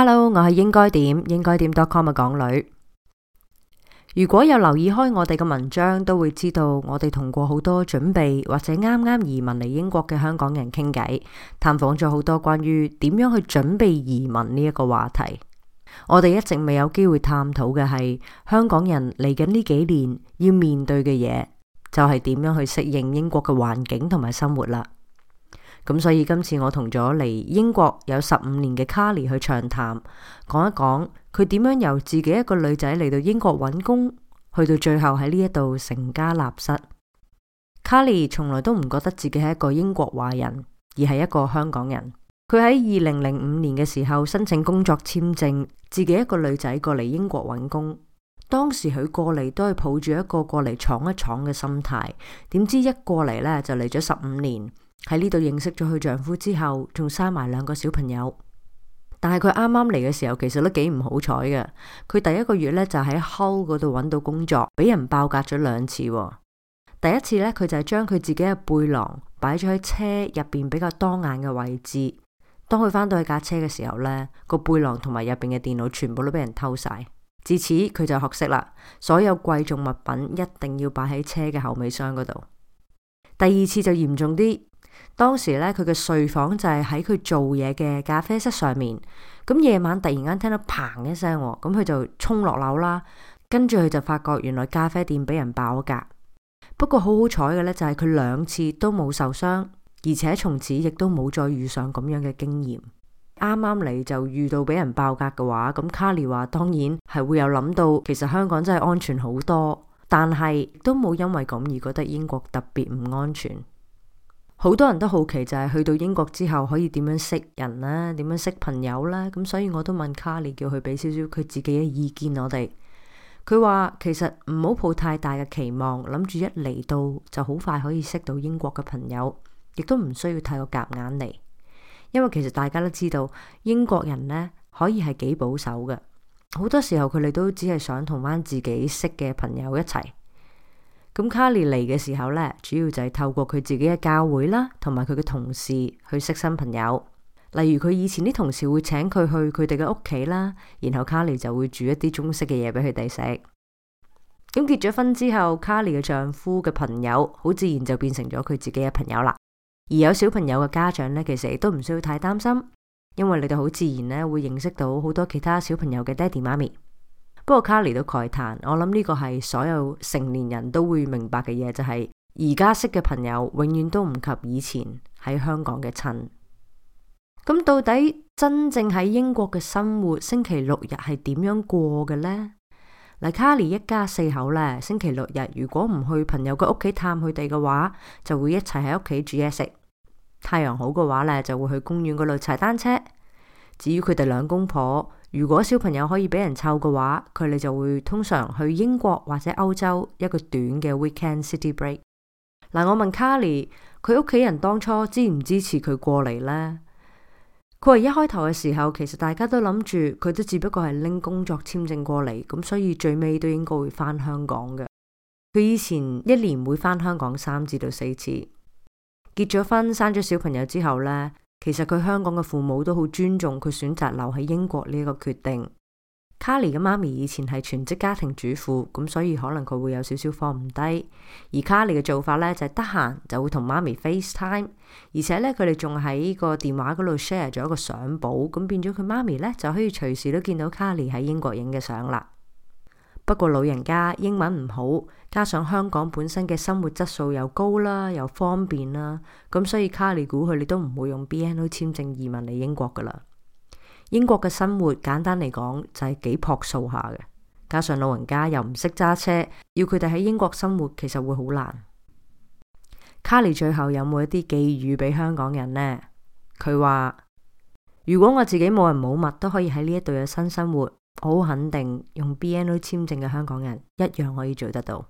Hello，我係應該點應該點 dotcom 嘅港女。如果有留意開我哋嘅文章，都會知道我哋同過好多準備或者啱啱移民嚟英國嘅香港人傾偈，探訪咗好多關於點樣去準備移民呢一個話題。我哋一直未有機會探討嘅係香港人嚟緊呢幾年要面對嘅嘢，就係點樣去適應英國嘅環境同埋生活啦。咁所以今次我同咗嚟英國有十五年嘅卡 a 去暢談，講一講佢點樣由自己一個女仔嚟到英國揾工,去到最後喺呢一度成家立室。卡 a r r 從來都唔覺得自己係一個英國華人，而係一個香港人。佢喺二零零五年嘅時候申請工作簽證，自己一個女仔過嚟英國揾工。當時佢過嚟都係抱住一個過嚟闖一闖嘅心態，點知一過嚟呢，就嚟咗十五年。喺呢度認識咗佢丈夫之後，仲生埋兩個小朋友。但係佢啱啱嚟嘅時候，其實都幾唔好彩嘅。佢第一個月呢，就喺 Hull 嗰度搵到工作，俾人爆格咗兩次哦。第一次呢，佢就係將佢自己嘅背囊擺咗喺車入邊比較多眼嘅位置。當佢翻到去架車嘅時候呢，個背囊同埋入邊嘅電腦全部都俾人偷晒。至此佢就學識啦，所有貴重物品一定要擺喺車嘅後尾箱嗰度。第二次就嚴重啲。當時咧，佢嘅睡房就係喺佢做嘢嘅咖啡室上面。咁夜晚突然間聽到「嘭」一聲喎，咁佢就衝落樓啦。跟住佢就發覺原來咖啡店俾人爆咗格。不過好好彩嘅咧，就係佢兩次都冇受傷，而且從此亦都冇再遇上咁樣嘅經驗。啱啱嚟就遇到俾人爆格嘅話，咁卡莉話當然係會有諗到，其實香港真係安全好多，但係都冇因為咁而覺得英國特別唔安全。好多人都好奇，就係去到英國之後可以點樣識人啦、啊，點樣識朋友啦、啊，咁所以我都問卡 a 叫佢俾少少佢自己嘅意見我哋。佢話其實唔好抱太大嘅期望，諗住一嚟到就好快可以識到英國嘅朋友，亦都唔需要太過夾硬嚟，因為其實大家都知道英國人咧可以係幾保守嘅，好多時候佢哋都只係想同翻自己識嘅朋友一齊。咁卡莉嚟嘅時候呢，主要就係透過佢自己嘅教會啦，同埋佢嘅同事去識新朋友。例如佢以前啲同事會請佢去佢哋嘅屋企啦，然後卡莉就會煮一啲中式嘅嘢俾佢哋食。咁結咗婚之後，卡莉嘅丈夫嘅朋友，好自然就變成咗佢自己嘅朋友啦。而有小朋友嘅家長呢，其實亦都唔需要太擔心，因為你哋好自然呢會認識到好多其他小朋友嘅爹哋媽咪。不過卡莉都慨嘆，我諗呢個係所有成年人都會明白嘅嘢，就係而家識嘅朋友永遠都唔及以前喺香港嘅親。咁到底真正喺英國嘅生活，星期六日係點樣過嘅呢？嗱，卡莉一家四口咧，星期六日如果唔去朋友嘅屋企探佢哋嘅話，就會一齊喺屋企煮嘢食。太陽好嘅話咧，就會去公園嗰度踩單車。至於佢哋兩公婆，如果小朋友可以俾人湊嘅話，佢哋就會通常去英國或者歐洲一個短嘅 weekend city break。嗱、啊，我問 Carly，佢屋企人當初支唔支持佢過嚟呢？佢話一開頭嘅時候，其實大家都諗住，佢都只不過係拎工作簽證過嚟，咁所以最尾都應該會翻香港嘅。佢以前一年會翻香港三至到四次，結咗婚，生咗小朋友之後呢。其實佢香港嘅父母都好尊重佢選擇留喺英國呢一個決定。卡莉嘅媽咪以前係全職家庭主婦，咁所以可能佢會有少少放唔低。而卡莉嘅做法咧就係得閒就會同媽咪 FaceTime，而且咧佢哋仲喺個電話嗰度 share 咗一個相簿，咁變咗佢媽咪咧就可以隨時都見到卡莉喺英國影嘅相啦。不過老人家英文唔好，加上香港本身嘅生活質素又高啦，又方便啦，咁所以卡利估佢哋都唔會用 BNO 簽證移民嚟英國噶啦。英國嘅生活簡單嚟講就係幾樸素下嘅，加上老人家又唔識揸車，要佢哋喺英國生活其實會好難。卡利最後有冇一啲寄語俾香港人呢？佢話如果我自己冇人冇物都可以喺呢一度有新生活。好肯定，用 BNO 簽證嘅香港人一樣可以做得到。